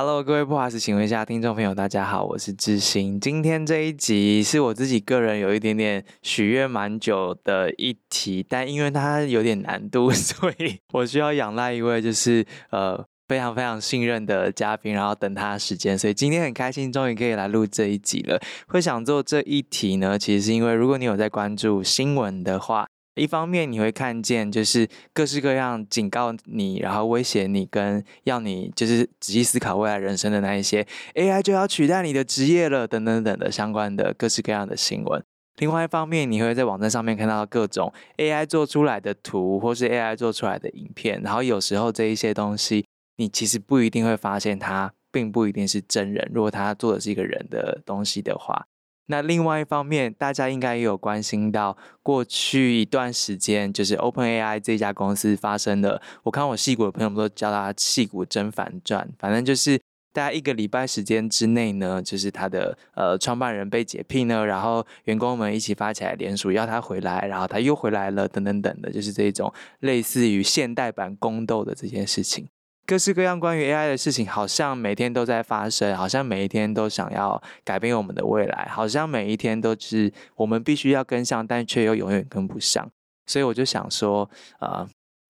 Hello，各位不好意思，請問一下聽眾朋友，大家好，我是致昕。今天這一集是我自己個人有一點點許願蠻久的議題，但因為它有點難度，所以我需要仰賴一位就是呃非常非常信任的嘉賓，然後等他的時間，所以今天很開心，終於可以來錄這一集了。會想做這一題呢，其實是因為如果你有在關注新聞的話。一方面你會看見就是各式各樣警告你，然後威脅你跟要你就是仔細思考未來人生的那一些 AI 就要取代你的職業了，等等等的相關的各式各樣的新聞。另外一方面你會在網站上面看到各種 AI 做出來的圖或是 AI 做出來的影片，然後有時候這一些東西你其實不一定會發現它並不一定是真人，如果它做的是一個人的東西的話。那另外一方面，大家應該也有關心到，過去一段時間就是 OpenAI 這家公司發生的。我看我矽谷的朋友都叫他“矽谷甄嬛傳”，反正就是大概一個禮拜時間之內呢，就是他的呃創辦人被解聘了，然後員工們一起發起來聯署要他回來，然後他又回來了，等等等等的，就是這一種類似於現代版宮鬥的這件事情。各式各樣關於 AI 的事情，好像每天都在發生，好像每一天都想要改變我們的未來，好像每一天都是我們必須要跟上，但卻又永遠跟不上。所以我就想說，啊、呃。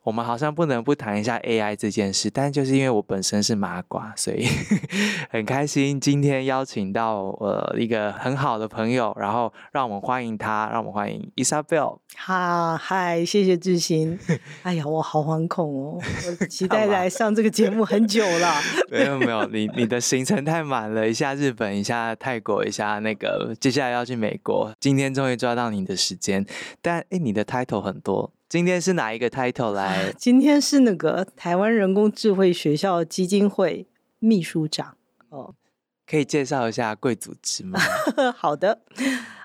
我們好像不能不談一下 AI 這件事，但就是因為我本身是麻瓜，所以很開心今天邀請到呃一個很好的朋友，然後讓我們歡迎他，讓我們歡迎 Isabel。哈，嗨，謝謝致昕。哎呀，我好惶恐哦，我期待來上這個節目很久了。 沒有沒有，你你的行程太滿了，一下日本，一下泰國，一下那個接下來要去美國，今天終於抓到你的時間。但哎，你的 title 很多。今天是哪一個 title 來？今天是那個台灣人工智慧學校基金會秘書長哦、呃，可以介紹一下貴組織嗎？ 好的，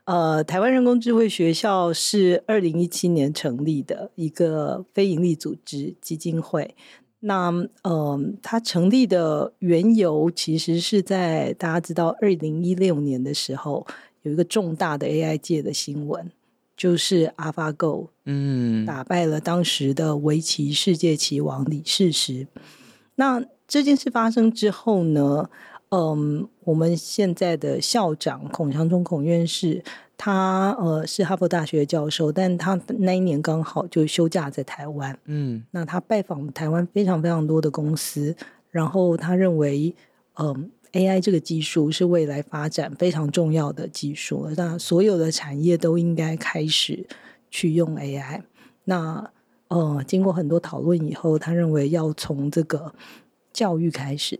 呃，台灣人工智慧學校是二零一七年成立的一個非營利組織基金會。那嗯、呃，它成立的緣由其實是在大家知道二零一六年的時候，有一個重大的 AI 界的新聞，就是 AlphaGo。嗯，打敗了當時的圍棋世界棋王李世石。那這件事發生之後呢，嗯，我們現在的校長孔祥重孔院士，他呃是哈佛大學教授，但他那一年剛好就休假在台灣。嗯，那他拜訪台灣非常非常多的公司，然後他認為，嗯，AI 這個技術是未來發展非常重要的技術，那所有的產業都應該開始。去用 AI，那呃，經過很多討論以後，他認為要從這個教育開始。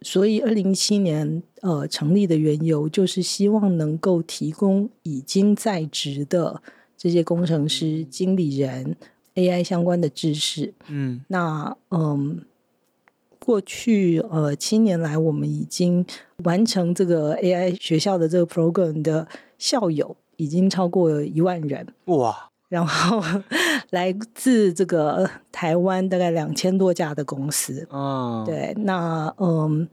所以2017，二零一七年呃成立的緣由就是希望能夠提供已經在職的這些工程師、嗯、經理人 AI 相關的知識。嗯，那嗯、呃，過去呃七年來，我們已經完成這個 AI 學校的這個 program 的校友已經超過一萬人。哇！然後來自這個台灣大概兩千多家的公司啊，oh. 對，那嗯，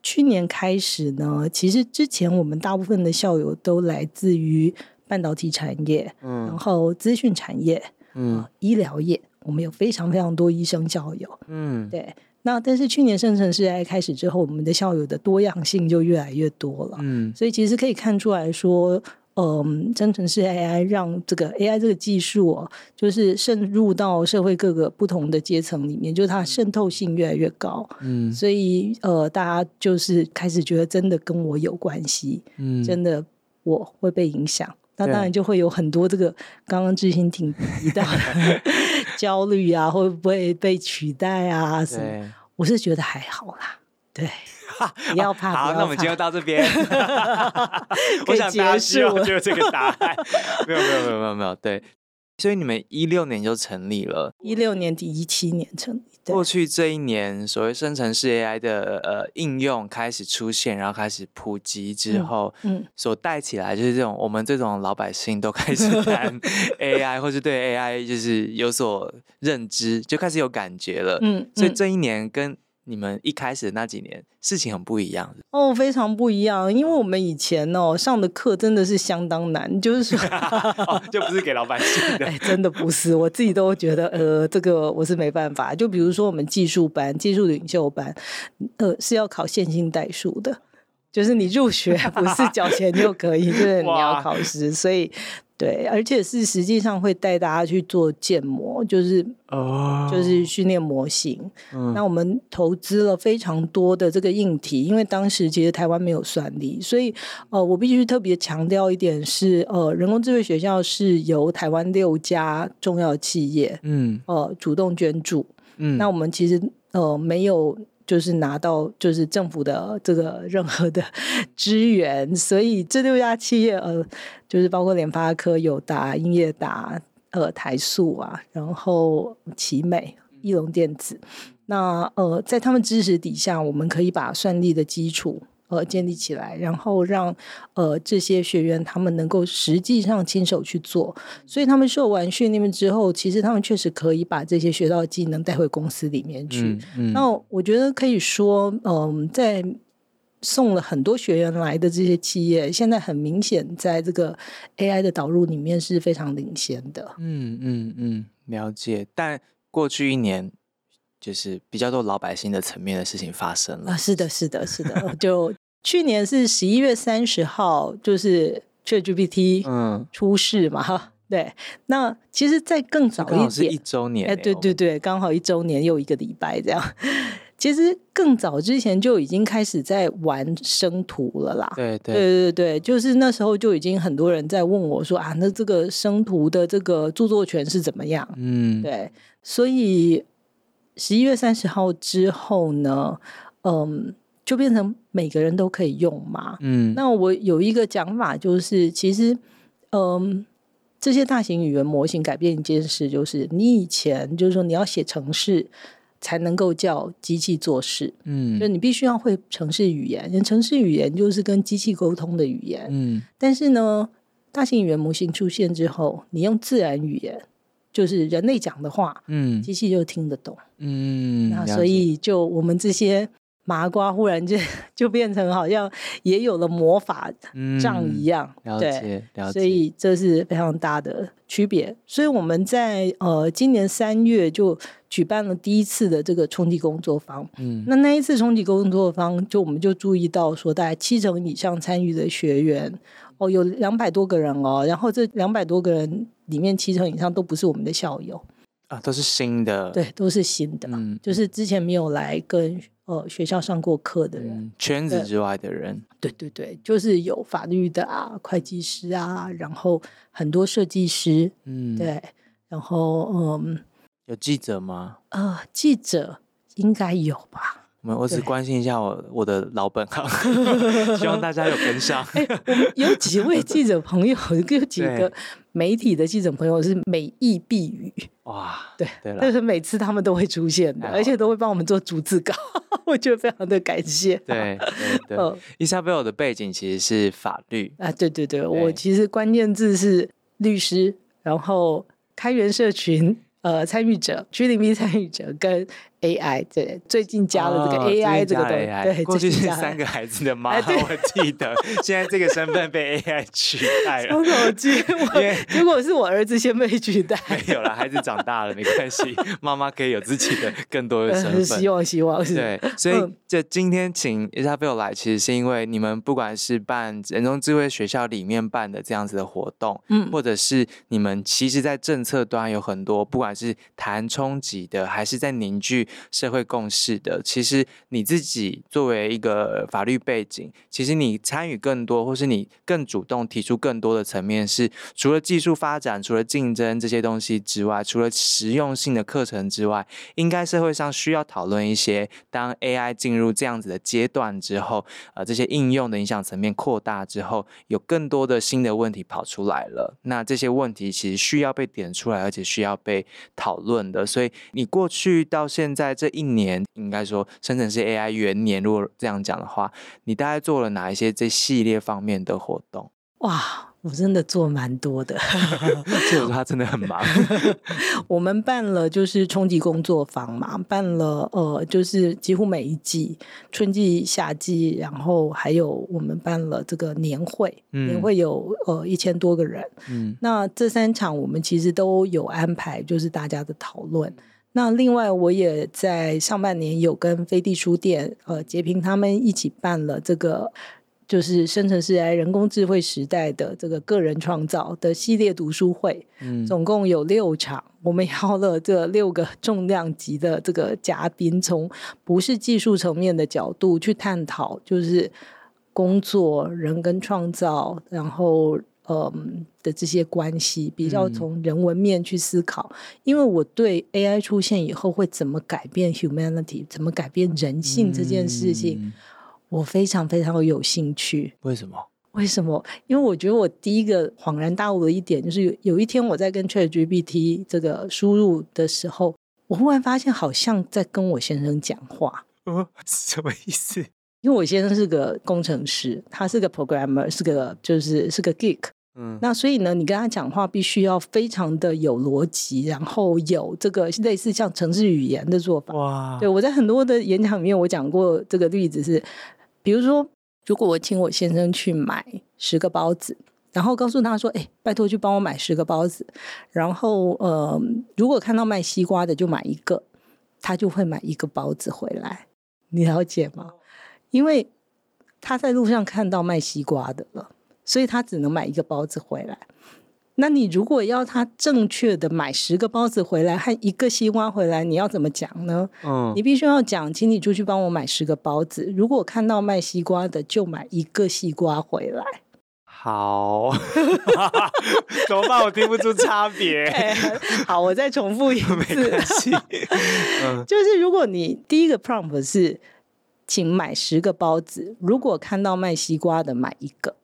去年開始呢，其實之前我們大部分的校友都來自於半導體產業，oh. 然後資訊產業，oh. 呃醫療業 oh. 醫療業，我們有非常非常多醫生校友，嗯、oh.，對，那但是去年深成市 I 開始之後，我們的校友的多樣性就越來越多了，oh. 所以其實可以看出來說。嗯，生成式 AI 讓這個 AI 這個技術、哦，就是滲入到社會各個不同的階層裡面，就是它滲透性越來越高。嗯，所以呃，大家就是開始覺得真的跟我有關係，嗯，真的我會被影響。嗯、那當然就會有很多這個剛剛致昕挺提的 焦慮啊，會不會被取代啊？對，我是覺得還好啦。對，不要怕。啊、好，不要怕，那我們今天就到這邊。 我想結我就有這個答案。沒有，沒有，沒有，沒有，沒有。對，所以你們一六年就成立了，一六年底，一七年成立對。過去這一年，所謂生成式 AI 的呃應用開始出現，然後開始普及之後，嗯，嗯所帶起來就是這種，我們這種老百姓都開始談 AI， 或是對 AI 就是有所認知，就開始有感覺了。嗯，嗯所以這一年跟。你們一開始那幾年事情很不一樣哦，非常不一樣，因為我們以前哦上的課真的是相當難，就是說 哦、就不是給老闆聽的，哎，真的不是，我自己都覺得呃這個我是沒辦法，就比如說我們技術班、技術領袖班，呃是要考線性代數的，就是你入學不是交錢就可以，就 是你要考試，所以。對，而且是實際上會帶大家去做建模，就是哦、oh, 嗯，就是訓練模型、嗯。那我們投資了非常多的這個硬體，因為當時其實台灣沒有算力，所以、呃、我必須特別強調一點是，呃，人工智慧學校是由台灣六家重要企業，嗯，呃，主動捐助。嗯、那我們其實呃沒有。就是拿到就是政府的這個任何的支援，所以這六家企業呃，就是包括聯發科、友達、英業達、呃台塑啊，然後奇美、義隆電子，那呃在他們支持底下，我們可以把算力的基礎。呃，建立起來，然後讓呃這些學員他們能夠實際上親手去做，嗯、所以他們受完訓練之後，其實他們確實可以把這些學到的技能帶回公司裡面去。嗯嗯、那我覺得可以說，嗯、呃，在送了很多學員來的這些企業，現在很明顯在這個 AI 的導入裡面是非常領先的。嗯嗯嗯，了解。但過去一年。就是比較多老百姓的層面的事情發生了啊、呃，是的，是的，是的。是的 就去年是十一月三十號，就是 ChatGPT，嗯，出世嘛哈。對，那其實再更早一點剛好是一周年，哎、欸，對對對，剛好一周年又一個禮拜這樣。其實更早之前就已經開始在玩生圖了啦，對對對對，對對對，就是那時候就已經很多人在問我說啊，那這個生圖的這個著作權是怎麼樣？嗯，對，所以。十一月三十號之後呢，嗯，就變成每個人都可以用嘛。嗯，那我有一個講法，就是其實，嗯，這些大型語言模型改變一件事，就是你以前就是說你要寫程式才能夠叫機器做事，嗯，就你必須要會程式語言，程式語言就是跟機器溝通的語言，嗯。但是呢，大型語言模型出現之後，你用自然語言。就是人類講的話，嗯，機器就聽得懂，嗯，那所以就我們這些麻瓜忽然就就變成好像也有了魔法杖一樣，嗯、了解、對，所以這是非常大的區別。所以我們在呃今年三月就舉辦了第一次的這個衝擊工作坊，嗯，那那一次衝擊工作坊，就我們就注意到說，大概七成以上參與的學員。有兩百多個人哦，然後這兩百多個人裡面七成以上都不是我們的校友啊，都是新的，對，都是新的嘛、嗯，就是之前沒有來跟呃學校上過課的人，嗯、圈子之外的人對，對對對，就是有法律的啊，會計師啊，然後很多設計師，嗯，對，然後嗯，有記者嗎？啊、呃，記者應該有吧。我我只關心一下我我的老本行， 希望大家有跟上。欸，有幾位記者朋友， 有幾個媒體的記者朋友是美意避雨。哇，對，但是每次他們都會出現的，而且都會幫我們做逐字稿， 我覺得非常的感謝。對，對 Isabel 的背景其實是法律啊，對對對，對我其實關鍵字是律師，然後開源社群呃參與者，g0v 參與者跟。AI 對，最近加了這個 AI、哦、AI 這個東西。對，過去是三個孩子的媽，哎、我記得。 現在這個身份被 AI 取代了。了。如果是我兒子先被取代。沒有了，孩子長大了沒關係， 媽媽可以有自己的更多的身份。呃、希望希望是。對，所以這、嗯、今天請 Isabel 來，其實是因為你們不管是辦人工智慧學校裡面辦的這樣子的活動，嗯，或者是你們其實，在政策端有很多，不管是談衝擊的，還是在凝聚。社會共識的，其實你自己作為一個法律背景，其實你參與更多，或是你更主動提出更多的層面是，是除了技術發展、除了競爭這些東西之外，除了實用性的課程之外，應該社會上需要討論一些。當 AI 進入這樣子的階段之後，呃，這些應用的影響層面擴大之後，有更多的新的問題跑出來了。那這些問題其實需要被點出來，而且需要被討論的。所以你過去到現在。在這一年，應該說甚至是 AI 元年。如果這樣講的話，你大概做了哪一些這系列方面的活動？哇，我真的做蠻多的，做 他 真的很忙。 我們辦了就是衝擊工作坊嘛，辦了呃，就是幾乎每一季，春季、夏季，然後還有我們辦了這個年會，年會有呃一千多個人。嗯，那這三場我們其實都有安排，就是大家的討論。那另外，我也在上半年有跟飛地書店、呃潔平他們一起辦了這個，就是生成式人工智慧時代的這個個人創造的系列讀書會，嗯，總共有六場，我們邀了這六個重量級的這個嘉賓，從不是技術層面的角度去探討，就是工作、人跟創造，然後。嗯、呃、的這些關係，比較從人文面去思考、嗯，因為我對 AI 出現以後會怎麼改變 humanity，怎麼改變人性這件事情、嗯，我非常非常有興趣。為什麼？為什麼？因為我覺得我第一個恍然大悟的一點，就是有一天我在跟 ChatGPT 這個輸入的時候，我忽然發現好像在跟我先生講話。哦、什麼意思？因為我先生是個工程師，他是個 programmer，是個就是是個 geek，嗯，那所以呢，你跟他講話必須要非常的有邏輯，然後有這個類似像程式語言的做法。哇，對，我在很多的演講裡面，我講過這個例子是，比如說，如果我請我先生去買十個包子，然後告訴他說：“哎，拜託去幫我買十個包子。”然後呃，如果看到賣西瓜的就買一個，他就會買一個包子回來。你了解嗎？因為他在路上看到賣西瓜的了，所以他只能買一個包子回來。那你如果要他正確的買十個包子回來和一個西瓜回來，你要怎麼講呢？嗯，你必須要講，請你出去幫我買十個包子。如果看到賣西瓜的，就買一個西瓜回來。好， 怎麼辦？我聽不出差別。 好，我再重複一次。沒關係。嗯， 就是如果你第一個 prompt 是。請買十個包子。如果看到賣西瓜的，買一個。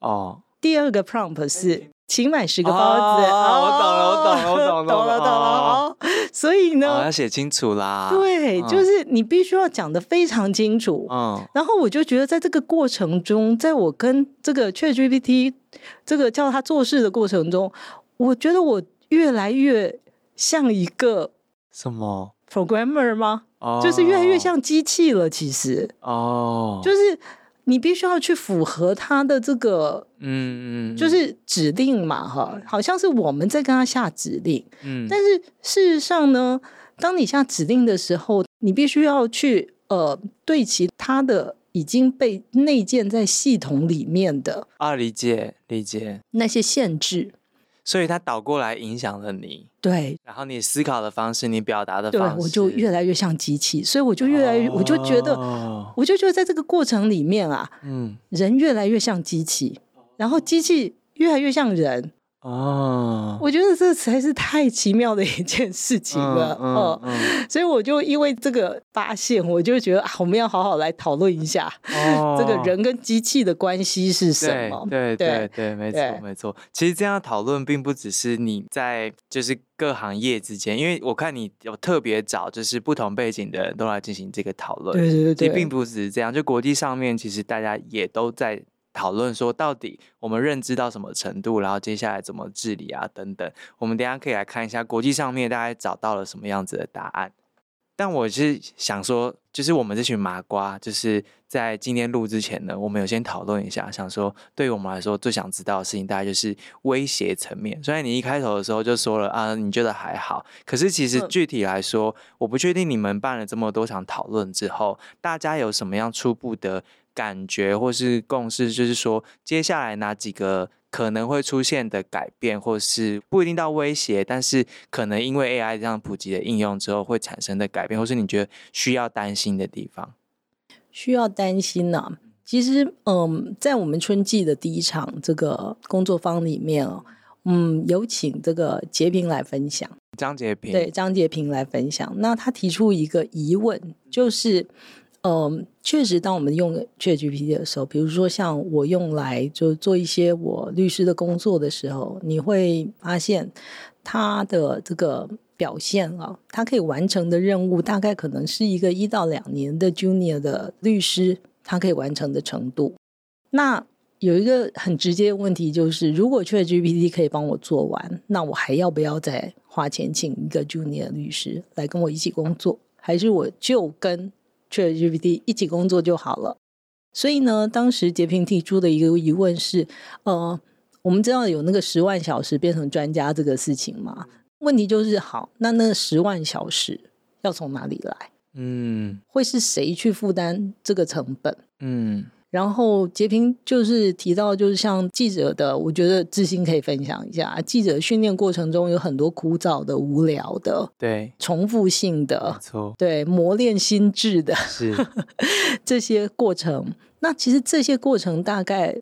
哦、oh.。第二個 prompt 是，請買十個包子。Oh, oh, 我懂了 oh. 我懂了，我懂了， 懂了，oh. 懂了。所以呢，我、oh, 要寫清楚啦。對，就是你必須要講得非常清楚。嗯、oh.。然後我就覺得，在這個過程中，在我跟這個 ChatGPT 這個叫他做事的過程中，我覺得我越來越像一個什麼？programmer 嗎？Oh, 就是越來越像機器了。其實哦，oh. 就是你必須要去符合它的這個，嗯嗯，就是指令嘛，哈、mm -hmm.，好像是我們在跟他下指令，mm -hmm. 但是事實上呢，當你下指令的時候，你必須要去呃，對其他的已經被內建在系統裡面的啊，理解理解那些限制。所以它倒過來影響了你，對，然後你思考的方式，你表達的方式，對，我就越來越像機器，所以我就越來越，哦，我就覺得，我就覺得在這個過程裡面啊，嗯，人越來越像機器，然後機器越來越像人。哦，我覺得這才是太奇妙的一件事情了，哦、嗯嗯嗯，所以我就因為這個發現，我就覺得啊，我們要好好來討論一下、哦，這個人跟機器的關係是什麼？對對對，對，對，對，對，沒錯沒錯。其實這樣討論並不只是你在就是各行業之間，因為我看你有特別找就是不同背景的人都來進行這個討論，對對對，其實並不只是這樣，就國際上面其實大家也都在。討論說到底，我們認知到什麼程度，然後接下來怎麼治理啊，等等。我們等一下可以來看一下國際上面大家找到了什麼樣子的答案。但我是想說，就是我們這群麻瓜，就是在今天錄之前呢，我們有先討論一下，想說對於我們來說最想知道的事情，大概就是威脅層面。雖然你一開頭的時候就說了啊，你覺得還好。可是其實具體來說，嗯，我不確定你們辦了這麼多場討論之後，大家有什麼樣初步的感覺或是共識，就是說接下來哪幾個可能會出現的改變，或是不一定到威脅，但是可能因為 AI 這樣普及的應用之後會產生的改變，或是你覺得需要擔心的地方？需要擔心呢、啊？其實，嗯，在我們春季的第一場這個工作坊裡面哦，嗯，有請這個潔平來分享，張潔平，對，張潔平來分享。那他提出一個疑問，就是。嗯，確實，當我們用 ChatGPT 的時候，比如說像我用來就做一些我律師的工作的時候，你會發現他的這個表現啊，他可以完成的任務大概可能是一個一到兩年的 Junior 的律師他可以完成的程度。那有一個很直接的問題就是，如果 ChatGPT 可以幫我做完，那我還要不要再花錢請一個 Junior 律師來跟我一起工作，還是我就跟？去 GPT 一起工作就好了。所以呢，當時杰平提出的一個疑問是：呃，我們知道有那個十萬小時變成專家這個事情嘛？問題就是，好，那那十萬小時要從哪裡來？嗯，會是誰去負擔這個成本？嗯。嗯然後截屏，就是提到，就是像記者的，我覺得致昕可以分享一下記者訓練過程中有很多枯燥的、無聊的、對重複性的，對磨練心智的， 這些過程。那其實這些過程大概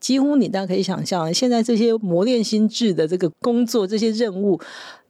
幾乎你大家可以想象，現在這些磨練心智的這個工作、這些任務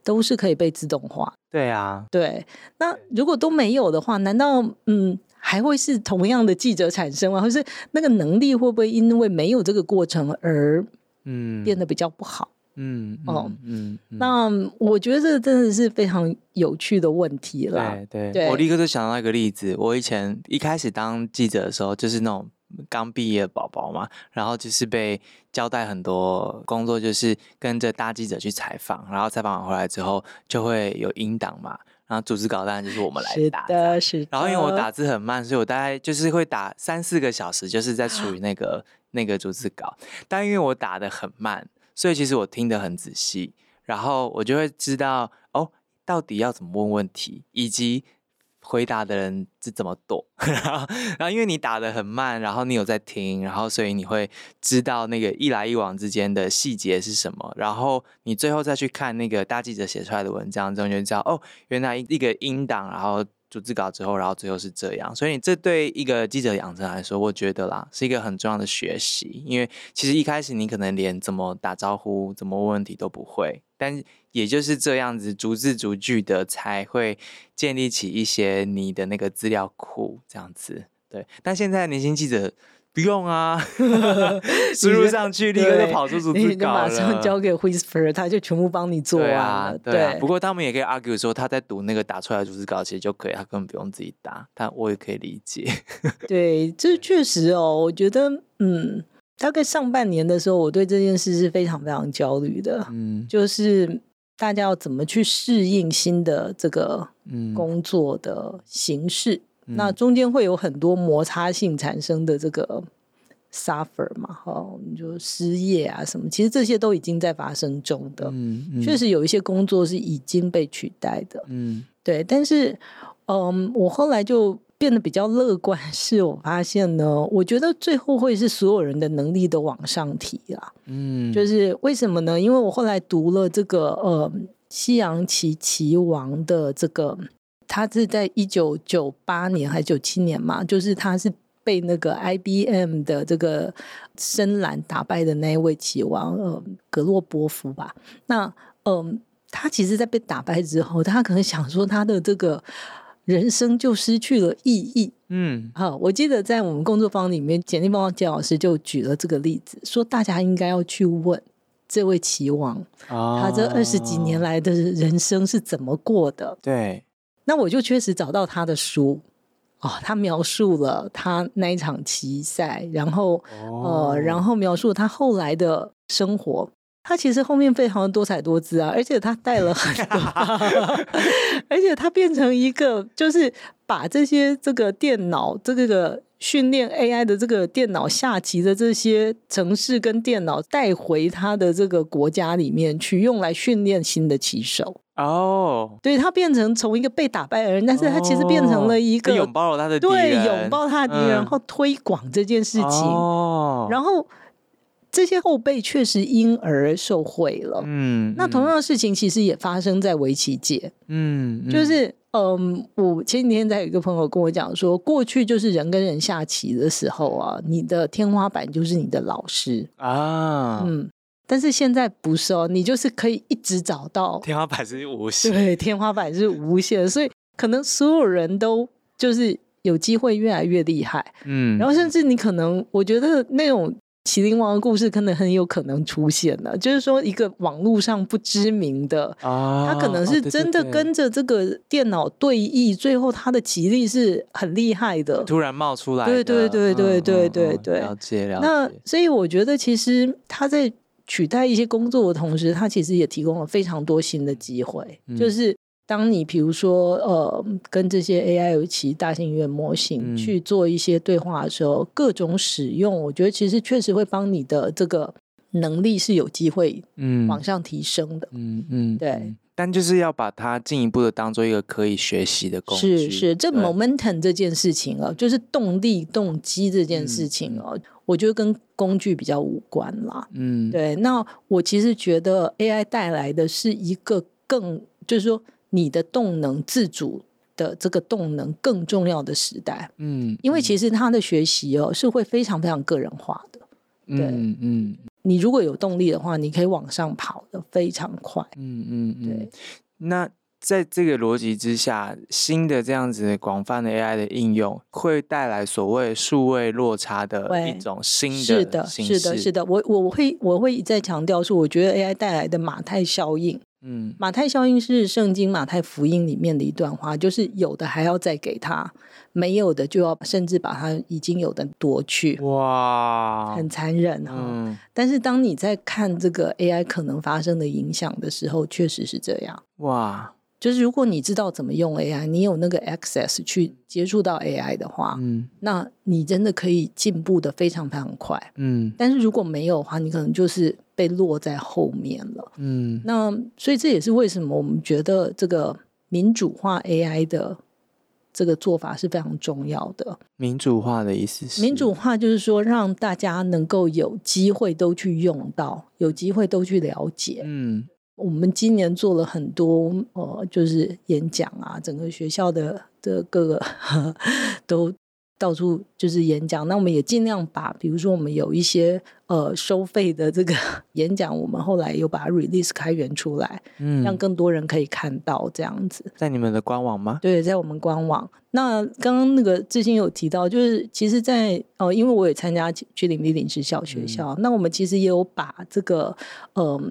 都是可以被自動化。對啊，對。那如果都沒有的話，難道嗯？還會是同樣的記者產生嗎？或是那個能力會不會因為沒有這個過程而嗯變得比較不好？嗯哦嗯，嗯，嗯，嗯，那嗯我覺得這真的是非常有趣的問題了。對，對對我立刻就想到一個例子：我以前一開始當記者的時候，就是那種剛畢業的寶寶嘛，然後就是被交代很多工作，就是跟着大記者去採訪，然後採訪完回來之後就會有音檔嘛。然後逐字稿，當然就是我們來打，是的，是的。然後因為我打字很慢，所以我大概就是會打三四個小時，就是在處理那個、啊、那個逐字稿。但因為我打得很慢，所以其實我聽得很仔細，然後我就會知道哦，到底要怎麼問問題，以及。回答的人是怎麼躲，然後，然後因為你打得很慢，然後你有在聽，然後所以你會知道那個一來一往之間的細節是什麼，然後你最後再去看那個大記者寫出來的文章中，就會知道哦，原來一個音檔，然後逐字稿之後，然後最後是這樣，所以這對一個記者養成來說，我覺得啦，是一個很重要的學習，因為其實一開始你可能連怎麼打招呼、怎麼問問題都不會，但。也就是這樣子，逐字逐句的才會建立起一些你的那個資料庫，這樣子。對，但現在年輕記者不用啊，輸 覺得 入上去立刻就跑出逐字稿了，你馬上交給 Whisper，他就全部幫你做啊，啊。對，不過他們也可以 argue 說，他在讀那個打出來的逐字稿其實就可以，他根本不用自己打。但我也可以理解。 對，這確實哦，我覺得，嗯，大概上半年的時候，我對這件事是非常非常焦慮的。嗯，就是。大家要怎麼去適應新的這個工作的形式？嗯、那中間會有很多摩擦性產生的這個 suffer 嘛，哈，你就失業啊什麼？其實這些都已經在發生中的，嗯嗯，確實有一些工作是已經被取代的，嗯，對。但是，嗯，我後來就。變得比較樂觀，是我發現呢，我覺得最後會是所有人的能力都往上提啊。嗯，就是為什麼呢？因為我後來讀了這個呃，西洋棋棋王的這個，他是在一九九八年還是九七年嘛？就是他是被那個 IBM 的這個深藍打敗的那一位棋王，呃，格洛伯夫吧。那嗯、呃，他其實，在被打敗之後，他可能想說他的這個。人生就失去了意義。嗯，好、啊，我記得在我們工作坊裡面，簡立峰簡老師就舉了這個例子，說大家應該要去問這位棋王，哦、他這二十幾年來的人生是怎麼過的。對，那我就確實找到他的書，哦、啊，他描述了他那一場棋賽，然後、哦、呃，然後描述他後來的生活。他其實後面非常多彩多姿啊，而且他帶了很多 而且他變成一個，就是把這些這個電腦這個訓練 AI 的這個電腦下棋的這些城市跟電腦帶回他的這個國家裡面去，用來訓練新的棋手。哦、oh.，對，他變成從一個被打敗的人，但是他其實變成了一個、oh. 擁抱他的對擁抱他的敵人、嗯，然後推廣這件事情，哦、oh.，然後。這些後輩確實因而受惠了、嗯。嗯，那同樣的事情其實也發生在圍棋界。嗯，嗯、就是、嗯，我前幾天在有一個朋友跟我講說，過去就是人跟人下棋的時候啊，你的天花板就是你的老師啊。嗯，但是現在不是哦、喔，你就是可以一直找到天花板是無限，對，天花板是無限的， 所以可能所有人都就是有機會越來越厲害。嗯，然後甚至你可能我覺得那種。棋靈王的故事可能很有可能出現了，就是說一個網絡上不知名的、哦，他可能是真的跟着這個電腦對弈、哦，最後他的棋力是很厲害的，突然冒出來，對對對對對對對，對，對、哦哦、了解了解。那所以我覺得，其實他在取代一些工作的同時，他其實也提供了非常多新的機會、嗯，就是。當你比如說呃，跟這些 AI 尤其大型語言模型，嗯、去做一些對話的時候，各種使用，我覺得其實確實會幫你的這個能力是有機會嗯往上提升的，嗯嗯，嗯對，但就是要把它進一步的當做一個可以學習的工具是是這 momentum 這件事情哦，啊，就是動力動機這件事情哦，啊，嗯，我覺得跟工具比較無關啦，嗯對，那我其實覺得 AI 帶來的是一個更就是說。你的動能自主的這個動能更重要的時代，嗯，嗯因為其實他的學習哦，是會非常非常個人化的，對嗯，嗯，你如果有動力的話，你可以往上跑的非常快，嗯嗯嗯。對，那在這個邏輯之下，新的這樣子廣泛的 AI 的應用會帶來所謂數位落差的一種新的形式，是的是的，是的，我我會我會一再強調說，我覺得 AI 帶來的馬太效應。嗯，馬太效應是聖經《馬太福音》裡面的一段話，就是有的還要再給他，沒有的就要甚至把他已經有的奪去。哇，很殘忍啊。嗯，但是當你在看這個 AI 可能發生的影響的時候，確實是這樣。哇，就是如果你知道怎麼用 AI，你有那個 access 去接觸到 AI 的話，嗯，那你真的可以進步得非常非常快。嗯，但是如果沒有的話，你可能就是。被落在後面了，嗯，那所以這也是為什麼我們覺得這個民主化 AI 的這個做法是非常重要的。民主化的意思是，民主化就是說讓大家能夠有機會都去用到，有機會都去了解。嗯，我們今年做了很多，呃，就是演講啊，整個學校的的、這個、各個 都。到處就是演講，那我們也盡量把，比如說我們有一些呃收費的這個演講，我們後來又把它 release 開源出來，嗯，讓更多人可以看到這樣子。在你們的官網嗎？對，在我們官網。那剛剛那個致昕有提到，就是其實在，在、呃、哦，因為我也參加去里林立林職小學校、嗯，那我們其實也有把這個嗯。呃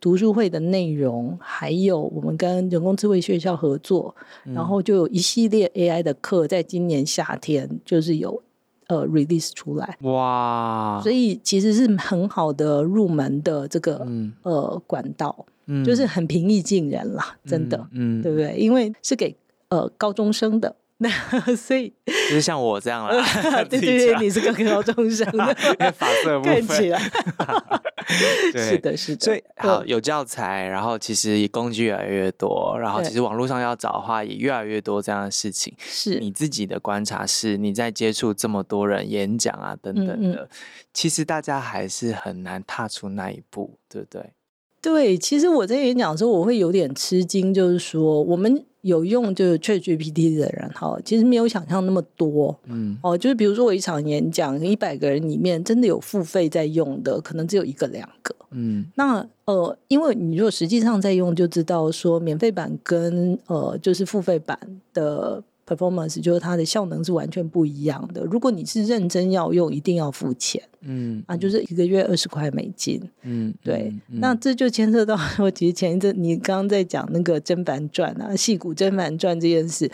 讀書會的內容，還有我們跟人工智慧學校合作，嗯、然後就有一系列 AI 的課，在今年夏天就是有呃 release 出來哇，所以其實是很好的入門的這個、嗯、呃管道、嗯，就是很平易近人啦，真的嗯，嗯，對不對？因為是給呃高中生的，那呵呵所以就是像我這樣啦， 對對對， 你是個高中生的，髮 色的 看起來。 對，是的，是的。好，有、嗯、有教材，然後其實工具越來越多，然後其實網絡上要找的話也越來越多這樣的事情。是你自己的觀察是，你在接觸這麼多人演講啊等等的嗯嗯，其實大家還是很難踏出那一步，對不對？對，其實我在演講的時候，我會有點吃驚，就是說我們。有用就是 ChatGPT 的人哈，其實沒有想象那麼多，嗯，哦、呃，就是比如說我一場演講，一百個人裡面真的有付費在用的，可能只有一個兩個，嗯，那呃，因為你如果實際上在用，就知道說免費版跟呃就是付費版的。performance 就是它的效能是完全不一樣的。如果你是認真要用，一定要付錢。嗯，嗯啊，就是一個月二十塊美金。嗯，對，嗯嗯、那這就牽涉到我其實前一陣你剛剛在講那個甄嬛傳啊，細骨甄嬛傳這件事。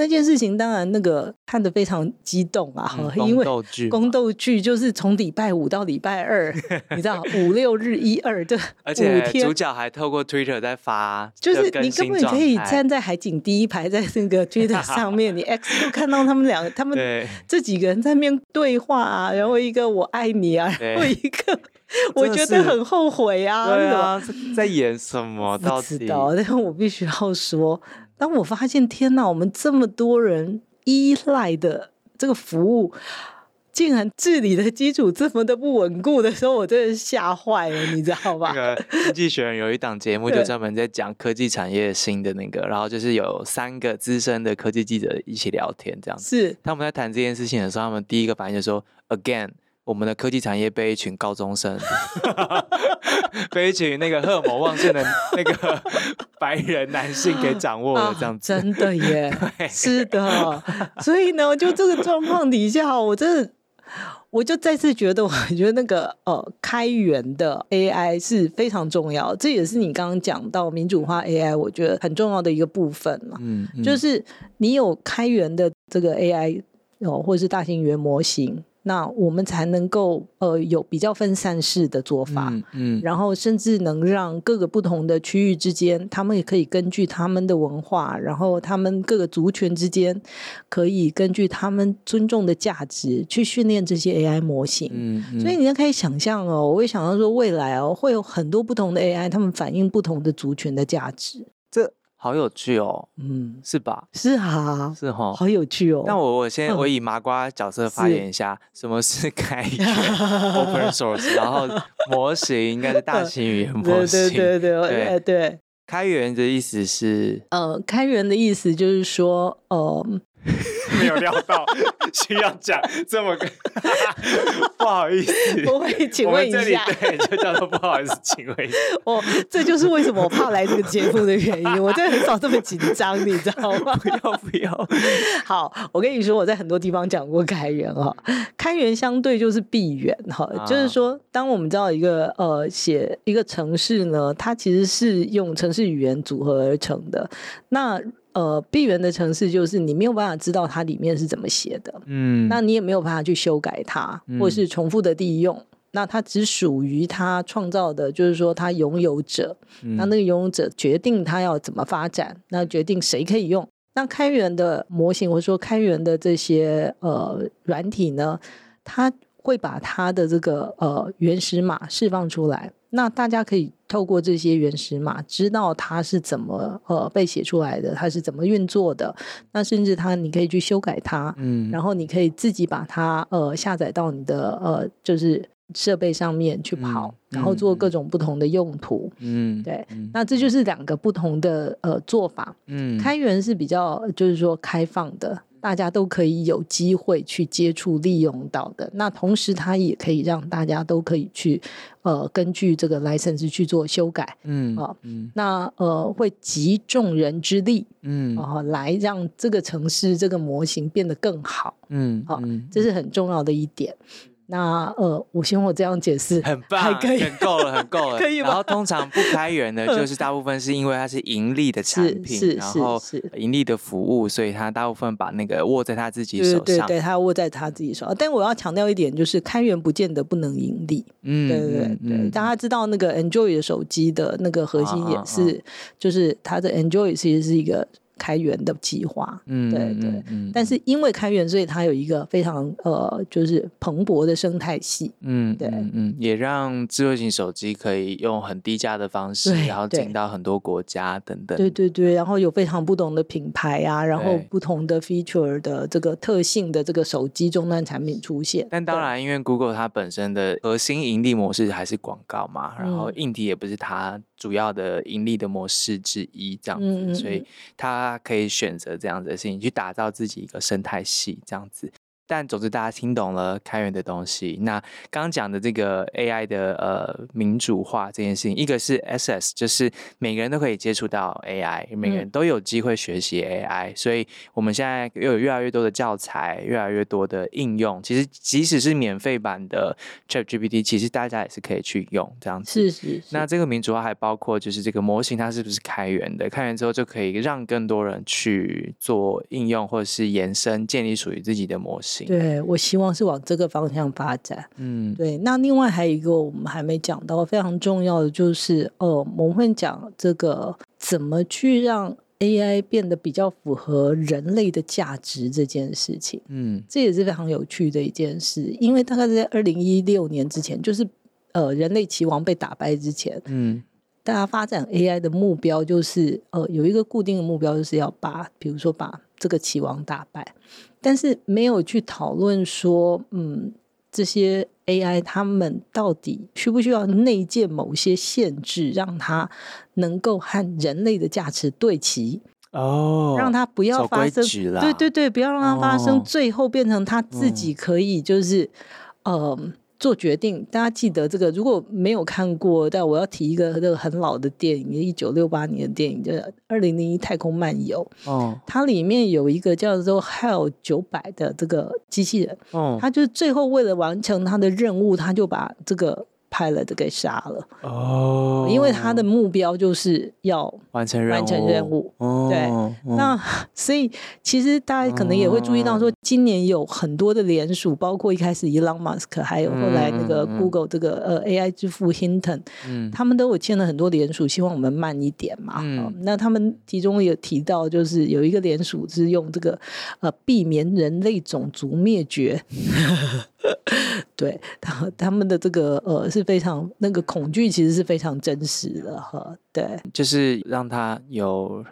那件事情當然那個看得非常激動啊，嗯、公鬥因為宮鬥劇就是從禮拜五到禮拜二， 你知道五六日一二的，而且主角還透過 Twitter 在發，就是你根本可以站在海景第一排，在那個 Twitter 上面， 你 X 就看到他們兩個， 他們這幾個人在面對話，啊，然後一個我愛你啊，然後一個 我覺得很後悔啊，啊什在演什麼，到底不知道，但是我必須要說。當我發現天哪，我們這麼多人依賴的這個服務，竟然治理的基礎這麼的不穩固的時候，我真的嚇壞了，你知道吧？ 那個經濟學人有一檔節目，就專門在講科技產業新的那個，然後就是有三個資深的科技記者一起聊天，這樣是他們在談這件事情的時候，他們第一個反應就是說：“Again。”我們的科技產業被一群高中生， 被一群那個赫某望線的那個白人男性給掌握了，這樣子，啊，真的耶，是的。 所以呢，就這個狀況底下，我真的我就再次覺得，我覺得那個呃，開源的 AI 是非常重要，這也是你剛剛講到民主化 AI，我覺得很重要的一個部分嘛、嗯。嗯，就是你有開源的這個 AI 哦、呃，或者是大型語言模型。那我們才能夠呃有比較分散式的做法、嗯嗯，然後甚至能讓各個不同的區域之間，他們也可以根據他們的文化，然後他們各個族群之間可以根據他們尊重的價值去訓練這些 AI 模型、嗯嗯。所以你就可以想象哦，我也想到說未來哦，會有很多不同的 AI，他們反映不同的族群的價值。好有趣哦，嗯，是吧？是哈，是哈，好有趣哦。那我我先，嗯、我以麻瓜角色發言一下，什麼是開源 ？open source， 然後模型應該是大型語言模型， 對對對對對、哎、對。開源的意思是，嗯、呃，開源的意思就是說，哦、呃， 沒有料到需要講這麼個。 不好意思，我會請問一下，這裡對，就叫做不好意思，請問一下。我、 哦、這就是為什麼我怕來這個節目的原因， 我真的很少這麼緊張， 你知道嗎？不要不要，好，我跟你說，我在很多地方講過開源哈，開源相對就是閉源哈，就是說，當我們知道一個呃，寫一個程式呢，它其實是用程式語言組合而成的，那。呃，閉源的程式，就是你沒有辦法知道它裡面是怎麼寫的，嗯，那你也沒有辦法去修改它，或是重複的利用。嗯、那它只屬於它創造的，就是說它擁有者、嗯，那那個擁有者決定它要怎麼發展，那決定誰可以用。那開源的模型或者說開源的這些呃軟體呢，它會把它的這個呃原始碼釋放出來。那大家可以透過這些原始碼知道它是怎麼呃被寫出來的，它是怎麼運作的。那甚至它你可以去修改它，嗯，然後你可以自己把它呃下載到你的呃就是設備上面去跑，嗯嗯、然後做各種不同的用途，嗯，對嗯嗯。那這就是兩個不同的呃做法，嗯，開源是比較就是說開放的，大家都可以有機會去接觸、利用到的。那同時，它也可以讓大家都可以去，呃，根據這個 license 去做修改，嗯，啊、嗯，那呃，會集眾人之力，嗯、呃，來讓這個城市、這個模型變得更好，嗯，啊、嗯呃，這是很重要的一點。嗯嗯那呃，我先我這樣解釋，很棒，還可以，很夠了，很夠了， 可以。然後通常不開源的，就是大部分是因為它是盈利的產品，是是是盈利的服務，所以它大部分把那個握在他自己手上，對對對，他握在他自己手上。但我要強調一點，就是開源不見得不能盈利，嗯，對對對，大、嗯、家、嗯、知道那個 Android 的手機的那個核心也是，啊啊啊啊就是它的 Android 其實是一個。開源的計劃，嗯，對對、嗯嗯、但是因為開源，所以它有一個非常呃，就是蓬勃的生態系，嗯，對嗯，嗯，也讓智慧型手機可以用很低價的方式，然後進到很多國家等等，對對對,對，然後有非常不同的品牌啊，然後不同的 feature 的這個特性的這個手機終端產品出現。但當然，因為 Google 它本身的核心盈利模式還是廣告嘛，嗯、然後硬體也不是它。主要的盈利的模式之一，這樣子嗯嗯嗯，所以他可以選擇這樣子的事情去打造自己一個生態系，這樣子。但總之，大家聽懂了開源的東西。那剛講的這個 AI 的呃民主化這件事情，一個是 access 就是每個人都可以接觸到 AI，每個人都有機會學習 AI、嗯。所以我們現在又有越來越多的教材，越來越多的應用。其實即使是免費版的 ChatGPT，其實大家也是可以去用這樣子。是,是是。那這個民主化還包括就是這個模型它是不是開源的？開源之後就可以讓更多人去做應用或者是延伸，建立屬於自己的模式。對，我希望是往這個方向發展。嗯，對。那另外還有一個我們還沒講到，非常重要的就是，呃，我們會講這個怎麼去讓 AI 變得比較符合人類的價值這件事情。嗯，這也是非常有趣的一件事，因為大概是在二零一六年之前，就是呃，人類棋王被打敗之前，嗯，大家發展 AI 的目標就是，呃，有一個固定的目標，就是要把，比如說把這個棋王打敗。但是沒有去討論說，嗯，這些 AI 他們到底需不需要內建某些限制，讓它能夠和人類的價值對齊哦，讓它不要發生，對對對，不要讓它發生、哦，最後變成它自己可以就是，嗯。呃做決定，大家記得這個，如果沒有看過，但我要提一個這個很老的電影，一九六八年的電影，就是《二零零一太空漫遊》。哦，它裡面有一個叫做 “Hell 九百”的這個機器人。哦、oh.，它就是最後為了完成它的任務，它就把這個。派了的給殺了哦，因為他的目標就是要完成完成任務。哦、對，哦、那所以其實大家可能也會注意到說，說、哦、今年有很多的聯署，包括一開始 Elon Musk，還有後來那個 Google 這個呃、嗯啊、AI 之父 Hinton，嗯，他們都有簽了很多聯署，希望我們慢一點嘛。嗯，那他們其中有提到，就是有一個聯署是用這個呃避免人類種族滅絕。 對他他們的這個呃是非常那個恐懼，其實是非常真實的哈。對，就是讓他有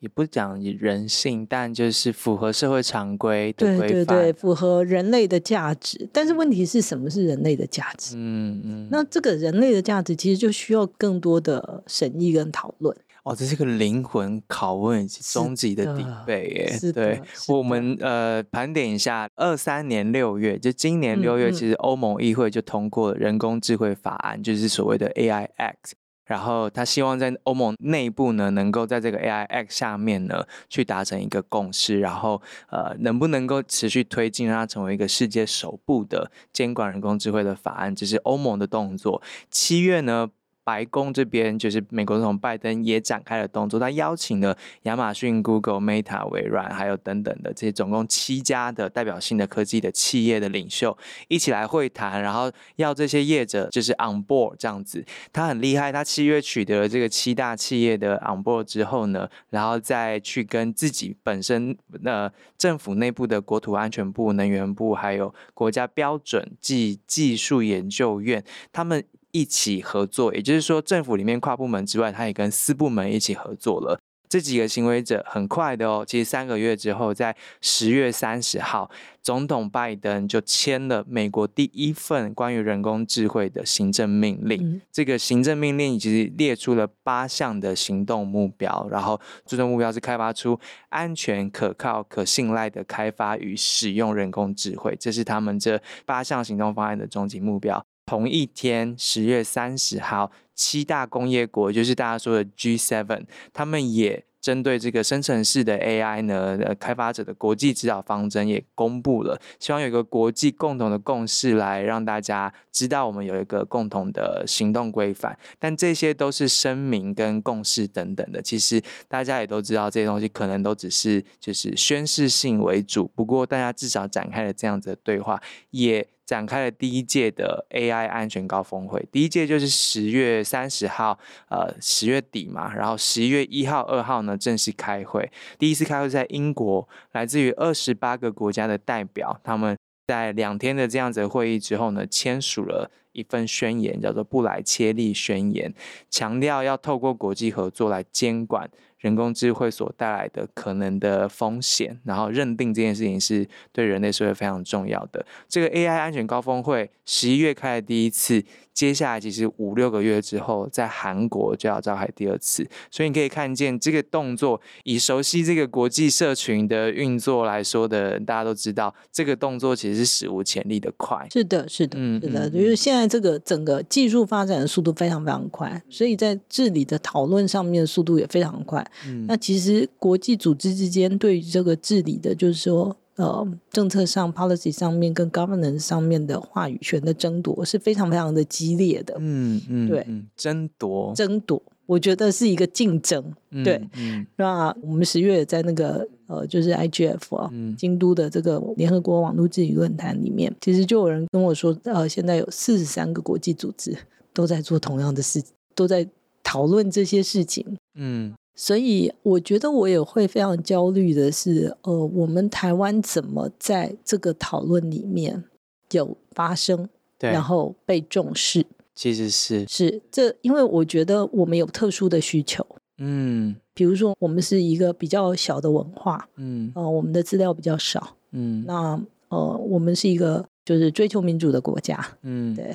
也不講人性，但就是符合社會常規的規範，對對對，符合人類的價值。但是問題是什麼是人類的價值？嗯嗯，那這個人類的價值其實就需要更多的審議跟討論。哦，這是一個靈魂拷問以及終極的底背耶。對，我們呃盤點一下，二三年六月，就今年六月，嗯，其實歐盟議會就通過了人工智慧法案，嗯，就是所謂的 AI Act，然後他希望在歐盟內部呢，能夠在這個 AI Act 下面呢，去達成一個共識，然後呃能不能夠持續推進，讓它成為一個世界首部的監管人工智慧的法案，這，就是歐盟的動作。七月呢？白宮這邊就是美國總統拜登也展開了動作，他邀請了亞馬遜、Google、Meta、微軟還有等等的這些總共七家的代表性的科技的企業的領袖一起來會談，然後要這些業者就是 on board 這樣子。他很厲害，他七月取得這個七大企業的 on board 之後呢，然後再去跟自己本身呃政府內部的國土安全部、能源部還有國家標準技技術研究院他們，一起合作，也就是說，政府裡面跨部門之外，他也跟私部門一起合作了。這幾個行為者很快的哦，其實三個月之後，在十月三十號，總統拜登就簽了美國第一份關於人工智慧的行政命令。嗯。這個行政命令已經列出了八項的行動目標，然後最終目標是開發出安全、可靠、可信賴的開發與使用人工智慧。這是他們這八項行動方案的終極目標。同一天，十月三十號，七大工業國，就是大家說的 G7，他們也針對這個生成式的 AI 呢、呃，開發者的國際指導方針也公布了，希望有一個國際共同的共識，來讓大家知道我們有一個共同的行動規範。但這些都是聲明跟共識等等的，其實大家也都知道，這些東西可能都只是就是宣示性為主。不過，大家至少展開了這樣子的對話，也。展開了第一屆的 AI 安全高峰會，第一屆就是十月三十號，呃，十月底嘛，然後十一月一號、二號呢正式開會。第一次開會在英國，來自於二十八個國家的代表，他們在兩天的這樣子會議之後呢，簽署了一份宣言，叫做布萊切利宣言，強調要透過國際合作來監管，人工智慧所帶來的可能的風險，然後認定這件事情是對人類社會非常重要的。這個 AI 安全高峰會十一月開的第一次。接下來其實五六個月之後，在韓國就要召開第二次，所以你可以看見這個動作，以熟悉這個國際社群的運作來說的，大家都知道這個動作其實是史無前例的快。是的，是的，是的，嗯，就是現在這個整個技術發展的速度非常非常快，所以在治理的討論上面的速度也非常快。嗯，那其實國際組織之間對於這個治理的，就是說。呃，政策上、policy 上面跟 governance 上面的話語權的爭奪是非常非常的激烈的。嗯嗯，對，爭奪，爭奪，我覺得是一個競爭。嗯、對、嗯，那我們十月也在那個呃，就是 IGF 啊，嗯、京都的這個聯合國網絡治理論壇裡面，其實就有人跟我說，呃，現在有四十三個國際組織都在做同樣的事，都在討論這些事情。嗯。所以我覺得我也會非常焦慮的是，呃，我們台灣怎麼在這個討論裡面有發生，對，然後被重視，其實是是這，因為我覺得我們有特殊的需求，嗯，比如說我們是一個比較小的文化，嗯，呃，我們的資料比較少，嗯，那呃，我們是一個就是追求民主的國家，嗯，對，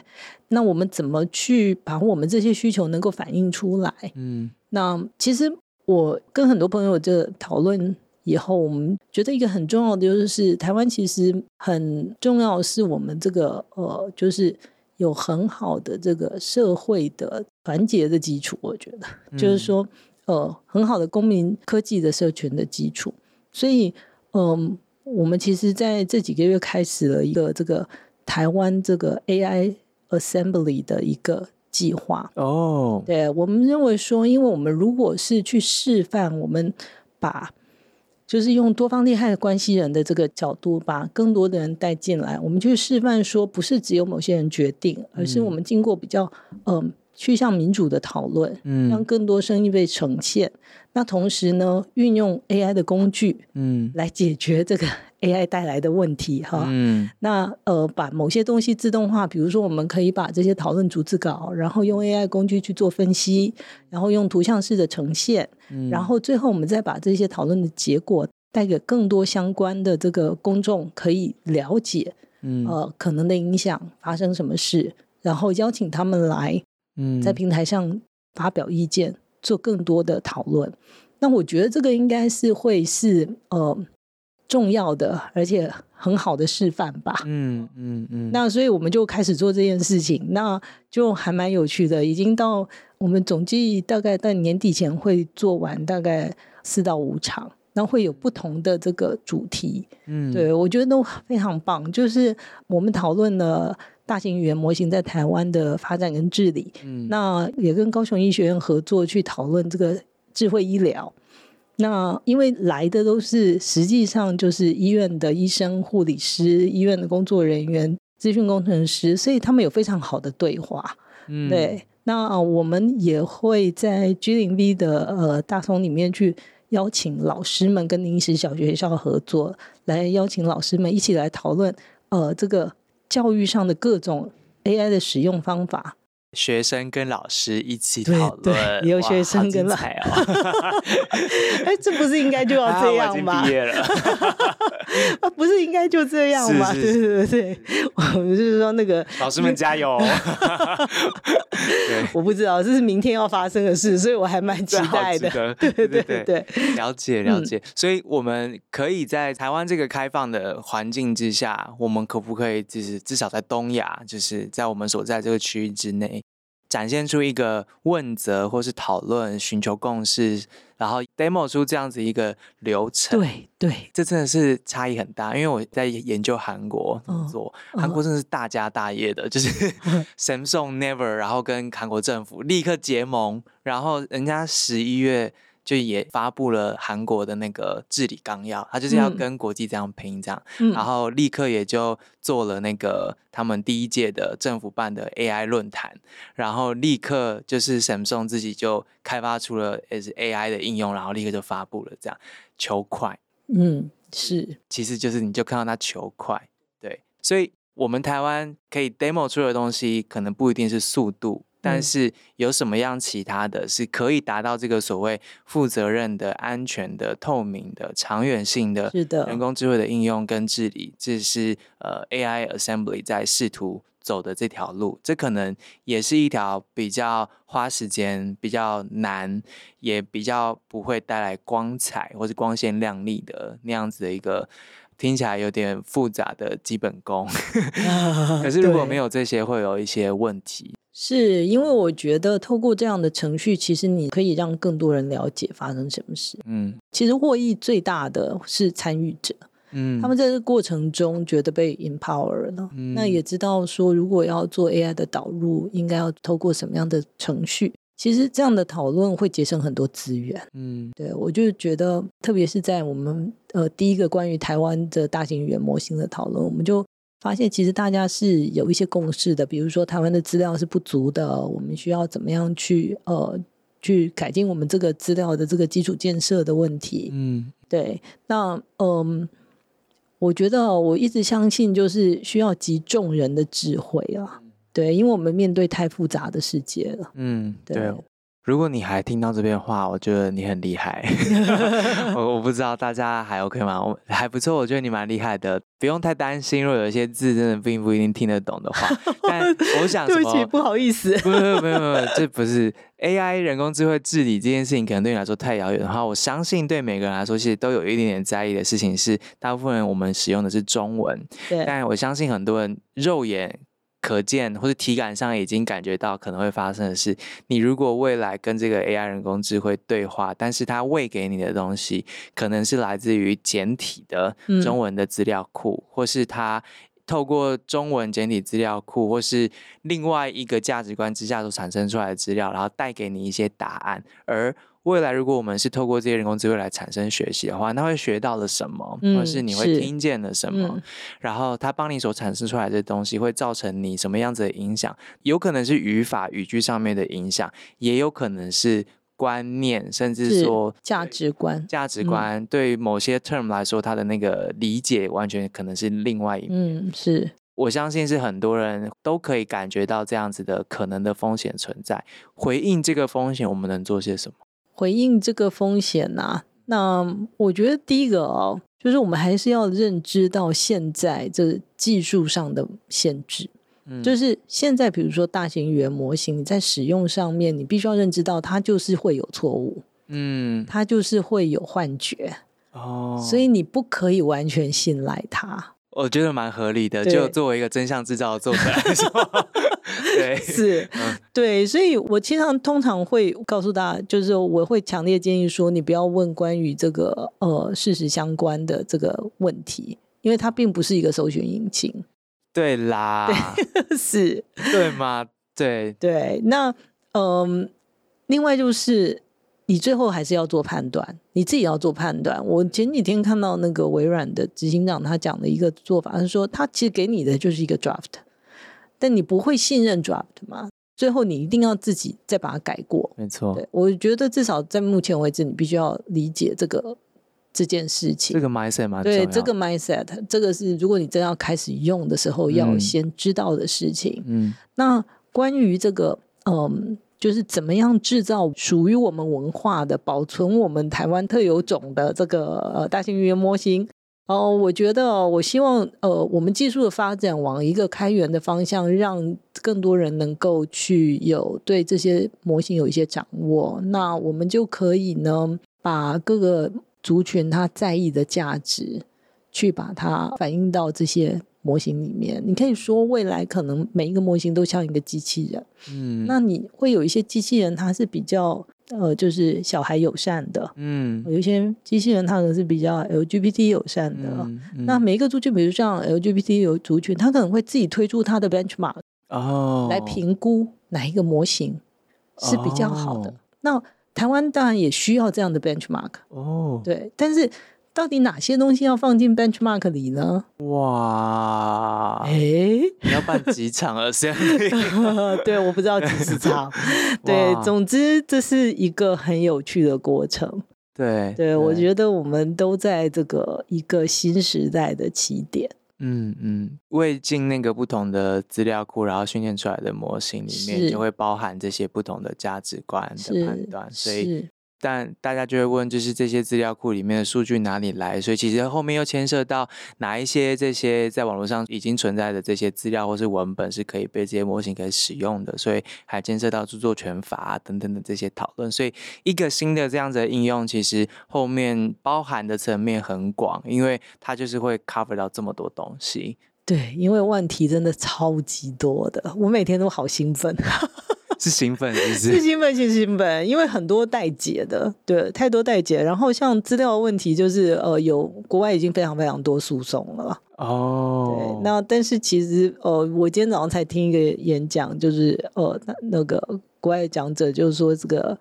那我們怎麼去把我們這些需求能夠反映出來，嗯，那其實。我跟很多朋友這討論以後，我們覺得一個很重要的就是，台灣其實很重要，是我們這個呃，就是有很好的這個社會的團結的基礎。我覺得。嗯，就是說，呃，很好的公民科技的社群的基礎。所以，嗯、呃，我們其實在這幾個月開始了一個這個台灣這個 AI Assembly 的一個。計劃哦，oh。對，我們認為說，因為我們如果是去示範，我們把就是用多方利害的關係人的這個角度，把更多的人帶進來，我們去示範說，不是只有某些人決定，而是我們經過比較，嗯、呃，趨向民主的討論，嗯，讓更多聲音被呈現，嗯。那同時呢，運用 AI 的工具，嗯，來解決這個。AI 帶來的問題，哈，嗯，那呃，把某些東西自動化，比如說我們可以把這些討論逐字稿，然後用 AI 工具去做分析，然後用圖像式的呈現，嗯，然後最後我們再把這些討論的結果帶給更多相關的這個公眾可以了解，嗯，呃，可能的影響發生什麼事，然後邀請他們來，嗯，在平台上發表意見，嗯，做更多的討論。那我覺得這個應該是會是呃。重要的，而且很好的示範吧。嗯嗯嗯。那所以我們就開始做這件事情，那就還蠻有趣的。已經到我們總計大概在年底前會做完大概四到五場，那會有不同的這個主題。嗯，對，我覺得都非常棒。就是我們討論了大型語言模型在台灣的發展跟治理，嗯，那也跟高雄醫學院合作去討論這個智慧醫療。那因為來的都是實際上就是醫院的醫生、護理師、嗯、醫院的工作人員、資訊工程師，所以他們有非常好的對話。嗯、對，那我們也會在 G 零 V 的呃大松裡面去邀請老師們跟零時小學校合作，來邀請老師們一起來討論呃這個教育上的各種 AI 的使用方法。學生跟老師一起討論，有學生跟老師。哎、哦 欸，這不是應該就要這樣嗎？畢 業了， 不是應該就這樣嗎？是是對，對對對，我 們就是說那個老師們加油。 對，我不知道這是明天要發生的事，所以我還蠻期待的對。對對對，了解了解，嗯。所以我們可以在台灣這個開放的環境之下，我們可不可以就是至少在東亞，就是在我們所在這個區域之內。展現出一個問責或是討論、尋求共識，然後 demo 出這樣子一個流程。對對，這真的是差異很大。因為我在研究韓國做、哦，韓國真的是大家大業的，就是、哦、 Samsung never，然後跟韓國政府立刻結盟，然後人家十一月。就也發布了韓國的那個治理綱要，他就是要跟國際這樣拼這樣，然後立刻也就做了那個他們第一屆的政府辦的 AI 論壇，然後立刻就是 Samsung 自己就開發出了 S AI 的應用，然後立刻就發布了，這樣求快，嗯，是，其實就是你就看到它求快，對，所以我們台灣可以 demo 出的東西，可能不一定是速度。但是有什麼樣其他的是可以達到這個所謂負責任的、安全的、透明的、長遠性的、是的、人工智慧的應用跟治理？這是呃，AI Assembly 在試圖走的這條路。這可能也是一條比較花時間、比較難，也比較不會帶來光彩或是光鮮亮麗的那樣子的一個聽起來有點複雜的基本功。 uh, 可是如果沒有這些，會有一些問題。是因為我覺得透過這樣的程序，其實你可以讓更多人了解發生什麼事。嗯，其實獲益最大的是參與者，嗯，他們在這個過程中覺得被 empower 了，嗯，那也知道說如果要做 AI 的導入，應該要透過什麼樣的程序。其實這樣的討論會節省很多資源。嗯，對我就覺得，特別是在我們呃第一個關於台灣的大型語言模型的討論，我們就。發現其實大家是有一些共識的，比如說台灣的資料是不足的，我們需要怎麼樣去呃、去改進我們這個資料的這個基礎建設的問題。嗯，對。那嗯、呃，我覺得我一直相信就是需要集眾人的智慧啊，對，因為我們面對太複雜的世界了。嗯，對。對哦。如果你還聽到這邊話，我覺得你很厲害。 我我不知道大家還 OK 嗎？我還不錯，我覺得你蠻厲害的，不用太擔心。如果有些字真的並不，不一定聽得懂的話，但我想 對不起不，不好意思，不是，沒有，沒有，這不是 AI 人工智慧治理這件事情，可能對你來說太遙遠的話，我相信對每個人來說，其實都有一點點在意的事情是，大部分人我們使用的是中文，但我相信很多人肉眼。可見或者體感上已經感覺到可能會發生的事。你如果未來跟這個 AI 人工智慧對話，但是它餵給你的東西可能是來自於簡體的中文的資料庫，嗯、或是它透過中文簡體資料庫，或是另外一個價值觀之下所產生出來的資料，然後帶給你一些答案，而未來，如果我們是透過這些人工智慧來產生學習的話，那會學到了什麼，或是你會聽見了什麼？嗯嗯、然後他幫你所產生出來的東西會造成你什麼樣子的影響？有可能是語法、語句上面的影響，也有可能是觀念，甚至說價值觀。價值觀、嗯、對於某些 term 來說，它的那個理解完全可能是另外一面。嗯，是，我相信是很多人都可以感覺到這樣子的可能的風險存在。回應這個風險，我們能做些什麼？回應這個風險啊，那我覺得第一個哦，就是我們還是要認知到現在這技術上的限制。嗯，就是現在比如說大型語言模型，你在使用上面，你必須要認知到它就是會有錯誤，嗯，它就是會有幻覺哦，所以你不可以完全信賴它。我覺得蠻合理的，就作為一個真相制造的作者來說， 對，是、嗯，對，所以我經常通常會告訴大家，就是我會強烈建議說，你不要問關於這個呃事實相關的這個問題，因為它並不是一個搜尋引擎。對啦，對是，對嗎？對對，那嗯、呃，另外就是。你最後還是要做判斷，你自己要做判斷。我前幾天看到那個微軟的執行長，他講的一個做法是說，他其實給你的就是一個 draft，但你不會信任 draft 嘛。最後你一定要自己再把它改過。沒錯，對，我覺得至少在目前為止，你必須要理解這個這件事情。這個 mindset 對，這個 mindset，這個是如果你真要開始用的時候，要先知道的事情。嗯，嗯那關於這個，嗯。就是怎麼樣製造屬於我們文化的、保存我們台灣特有種的這個、呃、大型語言模型？哦，我覺得，我希望，呃，我們技術的發展往一個開源的方向，讓更多人能夠去有對這些模型有一些掌握。那我們就可以呢，把各個族群他在意的價值，去把它反映到這些。模型裡面，你可以說未來可能每一個模型都像一個機器人，嗯，那你會有一些機器人，他是比較呃，就是小孩友善的，嗯，有一些機器人他可能是比較 LGBT 友善的，嗯嗯，那每一個族群，比如像 LGBT 有族群，他可能會自己推出他的 benchmark 哦，來評估哪一個模型是比較好的。哦，那台灣當然也需要這樣的 benchmark 哦，對，但是。到底哪些東西要放進 benchmark 裡呢？哇，哎、欸，你要辦幾場啊？ 這、 呃、對，我不知道幾場。 對，總之這是一個很有趣的過程。對，對，我覺得我們都在這個一個新時代的起點。嗯嗯，餵、嗯、進那個不同的資料庫，然後訓練出來的模型裡面就會包含這些不同的價值觀的判斷，所以。但大家就會問，就是這些資料庫裡面的數據哪裡來？所以其實後面又牽涉到哪一些這些在網絡上已經存在的這些資料或是文本是可以被這些模型可以使用的，所以還牽涉到著作權法等等的這些討論。所以一個新的這樣子的應用，其實後面包含的層面很廣，因為它就是會 cover 到這麼多東西。對，因為問題真的超級多的，我每天都好興奮。 是興奮，是是興奮，是興奮，因為很多待解的。對，太多待解，然後像資料問題，就是呃，有國外已經非常非常多訴訟了。哦、oh.，對，那但是其實，呃，我今天早上才聽一個演講，就是呃，那個國外講者就是說這個。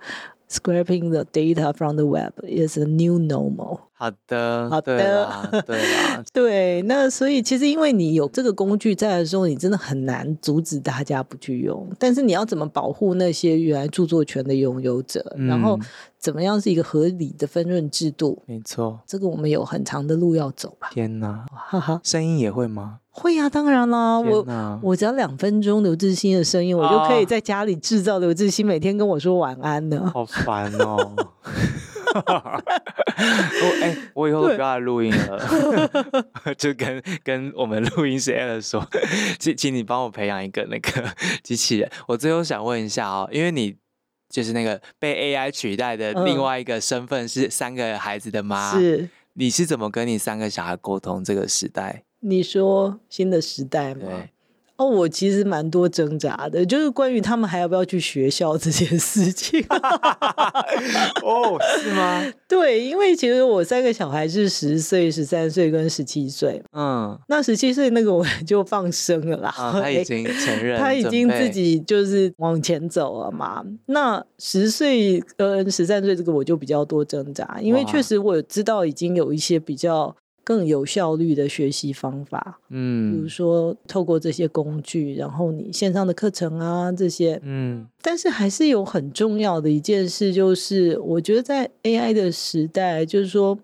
Scraping the data from the web is a new normal。好的，好的，對啊，對， 對，那所以其實因為你有這個工具在的時候，你真的很難阻止大家不去用。但是你要怎麼保護那些原來著作權的擁有者？嗯，然後怎麼樣是一個合理的分潤制度？沒錯，這個我們有很長的路要走吧。天哪，哈哈，聲音也會嗎？會呀、啊，當然啦。我我只要兩分鐘劉致昕的聲音，我就可以在家裡製造劉致昕、啊、每天跟我說晚安的。好煩哦！我 哎、 欸，我以後不要錄音了， 就跟跟我們錄音師 Allen 說，請請你幫我培養一個那個機器人。我最後想問一下哦，因為你就是那個被 AI 取代的另外一個身份是三個孩子的媽，嗯、是你是怎麼跟你三個小孩溝通這個時代？你說新的時代嗎？Okay. 哦，我其實蠻多掙扎的，就是關於他們還要不要去學校這件事情。 哦，是嗎？對，因為其實我三個小孩是十歲、十三歲跟十七歲。嗯，那十七歲那個我就放生了啦。嗯 okay 嗯、他已經承認，他已經自己就是往前走了嘛。那十歲跟十三歲這個我就比較多掙扎，因為確實我知道已經有一些比較。更有效率的學習方法，嗯，比如說透過這些工具，然後你線上的課程啊這些，嗯，但是還是有很重要的一件事，就是我覺得在 AI 的時代，就是說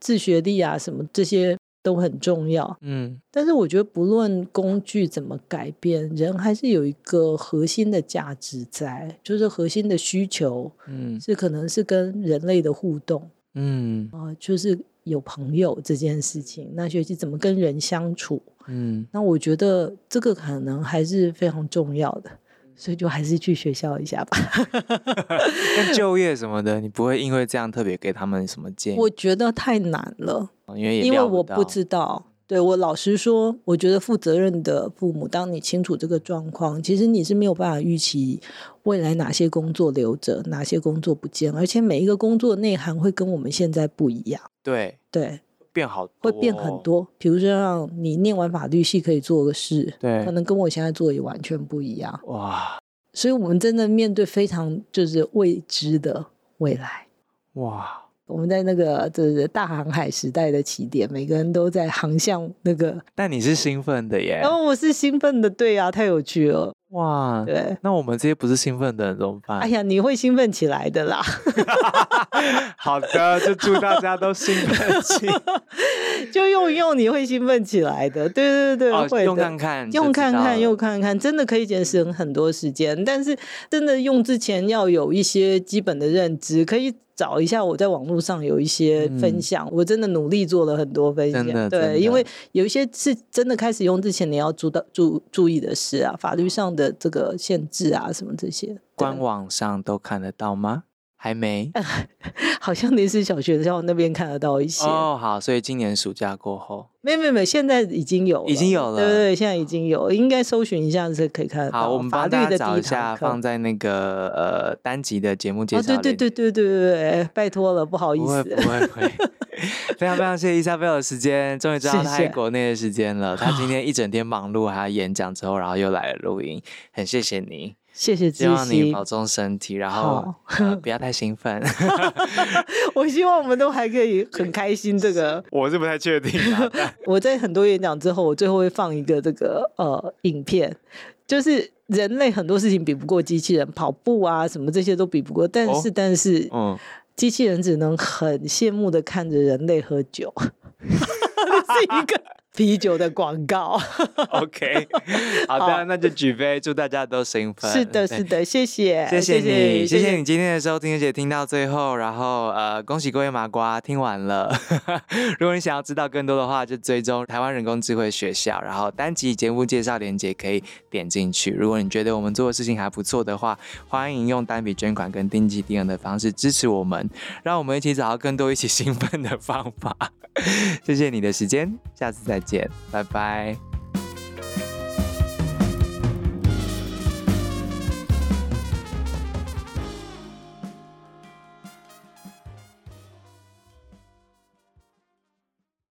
自學力啊什麼這些都很重要，嗯，但是我覺得不論工具怎麼改變，人還是有一個核心的價值在，就是核心的需求，嗯，是可能是跟人類的互動，嗯啊、呃，就是。有朋友這件事情，那學習怎麼跟人相處，嗯，那我覺得這個可能還是非常重要的，所以就還是去學校一下吧。 跟就業什麼的，你不會因為這樣特別給他們什麼建議？ 我覺得太難了，因為因為我不知道。對，我老實說，我覺得負責任的父母，當你清楚這個狀況，其實你是沒有辦法預期未來哪些工作留着，哪些工作不見，而且每一個工作的內涵會跟我們現在不一樣。對對，變好，會變很多。比如說，讓你念完法律系可以做個事，對，可能跟我現在做也完全不一樣。哇，所以我們真的面對非常就是未知的未來。哇。我們在那個就是大航海時代的起點，每個人都在航向那個。但你是興奮的耶？哦，我是興奮的，對啊，太有趣了。哇，對。那我們這些不是興奮的人怎麼辦？哎呀，你會興奮起來的啦。 好的，就祝大家都興奮起來。 就用一用，你會興奮起來的。對對對對，哦、會用看看，用看看，用看看，真的可以節省很多時間。但是真的用之前要有一些基本的認知，可以。找一下，我在網絡上有一些分享、嗯。我真的努力做了很多分享，對，因為有一些是真的開始用之前你要注到注注意的事啊，法律上的這個限制啊，什麼這些，官網上都看得到嗎？還沒， 好像臨時小學的教那邊看得到一些哦。好，所以今年暑假過後，沒有沒沒，現在已經有，已經有了，對，對對，現在已經有，應該搜尋一下是可以看得到。好，我們法律的底下放在那個呃單集的節目介紹、哦。對對對對對對拜託了，不好意思，不會不會，不會 非常非常謝謝伊莎貝爾的時間，終於知道他國內的時間了是是、啊。他今天一整天忙碌，還要演講之後，然後又來了錄音，很謝謝你。謝謝致昕，希望你保重身體，然後、 呃、不要太興奮。 我希望我們都還可以很開心。這個我是不太確定、啊。 我在很多演講之後，我最後會放一個這個呃影片，就是人類很多事情比不過機器人，跑步啊什麼這些都比不過。但是、哦、但是、嗯，機器人只能很羨慕的看着人類喝酒。 是一個啤酒的廣告。 OK，好的，那就舉杯， 祝大家都興奮。是的，是的，謝謝，謝謝你，謝謝你今天的收聽，姐聽到最後，然後呃，恭喜各位麻瓜聽完了。 如果你想要知道更多的話，就追蹤台灣人工智慧學校，然後單集節目介紹連結可以點進去。如果你覺得我們做的事情還不錯的話，歡迎用單筆捐款跟定期定額的方式支持我們，讓我們一起找到更多一起興奮的方法。 謝謝你的時間，下次再見，拜拜。